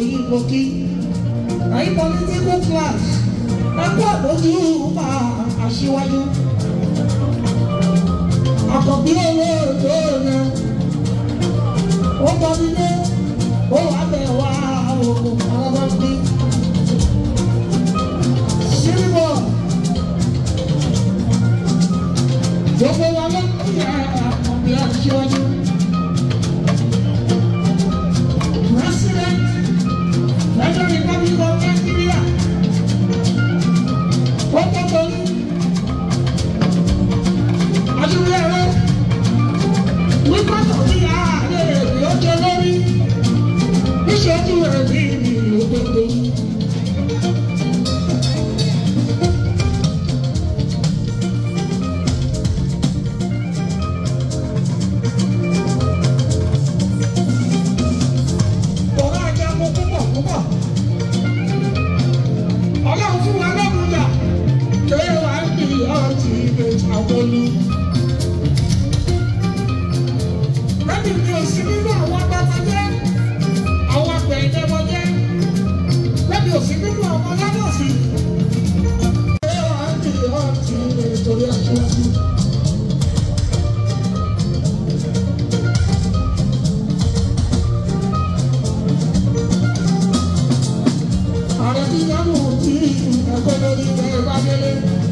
yìí mo kí. Àyí political class ẹ̀kọ́ a máa aṣíwájú. Àkọ́bí olóòtú. Angelina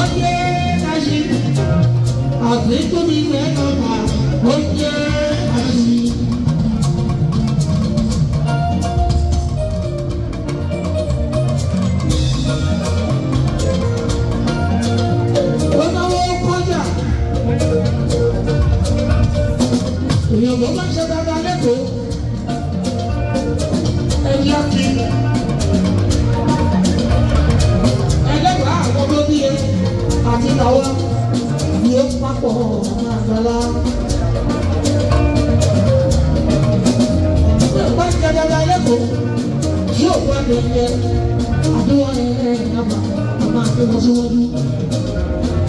ọyẹ ká ṣe àgbẹ̀ tóbi rẹ̀. it àdéhùn ẹ̀rẹ́ ẹ̀yìn nàbà àmà it.